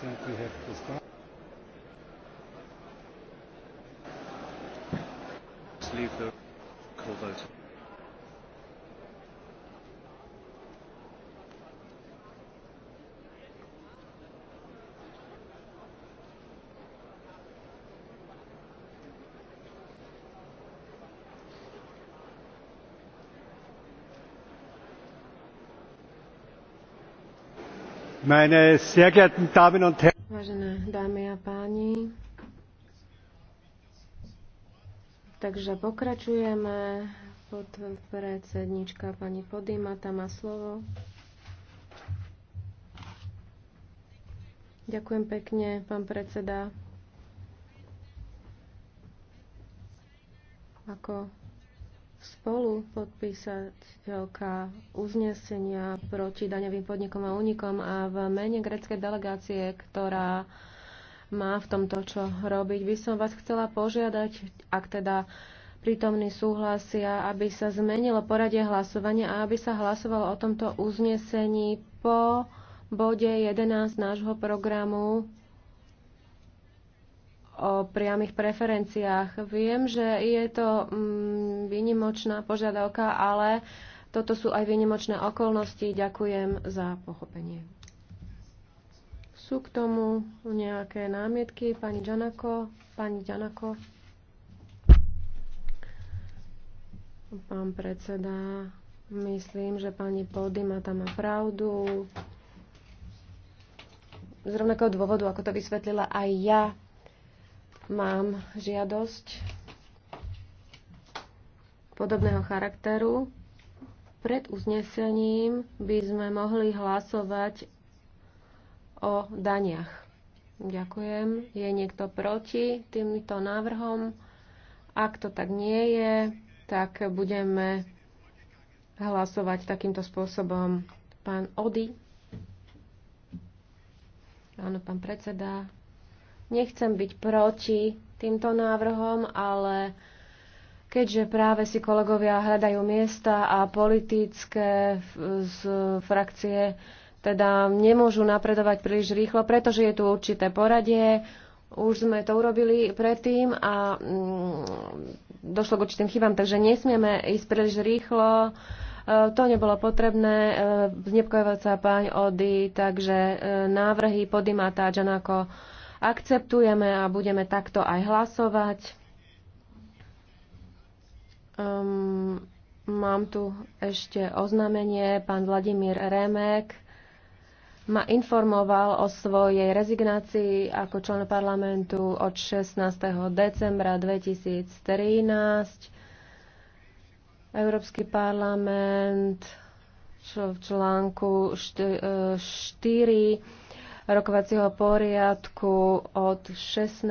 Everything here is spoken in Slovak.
think we have to start. Leave the call vote. Meine sehr geehrten Damen und Herren. a takže pokračujeme. Podpredsednička pani Podýmata má slovo. Ďakujem pekne, pán predseda. Ako spolu podpísateľka uznesenia proti daňovým podnikom a únikom a v mene greckej delegácie, ktorá má v tomto čo robiť, by som vás chcela požiadať, ak teda prítomní súhlasia, aby sa zmenilo poradie hlasovania a aby sa hlasovalo o tomto uznesení po bode 11 nášho programu o priamých preferenciách. Viem, že je to mm, vynimočná požiadavka, ale toto sú aj vynimočné okolnosti. Ďakujem za pochopenie. Sú k tomu nejaké námietky? Pani Ďanako? Pani Ďanako? Pán predseda, myslím, že pani Podimata má pravdu z rovnakého dôvodu, ako to vysvetlila aj ja, Mám žiadosť podobného charakteru. Pred uznesením by sme mohli hlasovať o daniach. Ďakujem. Je niekto proti týmto návrhom? Ak to tak nie je, tak budeme hlasovať takýmto spôsobom. Pán Ody. Áno, pán predseda. Nechcem byť proti týmto návrhom, ale keďže práve si kolegovia hľadajú miesta a politické z frakcie teda nemôžu napredovať príliš rýchlo, pretože je tu určité poradie. Už sme to urobili predtým a mm, došlo k určitým chybám, takže nesmieme ísť príliš rýchlo. E, to nebolo potrebné. E, znepokojovať sa páň Ody, takže e, návrhy Podimata a Džanako akceptujeme a budeme takto aj hlasovať. Um, mám tu ešte oznámenie. Pán Vladimír Remek ma informoval o svojej rezignácii ako člen parlamentu od 16. decembra 2013. Európsky parlament čo v článku 4 e, rokovacieho poriadku od 16.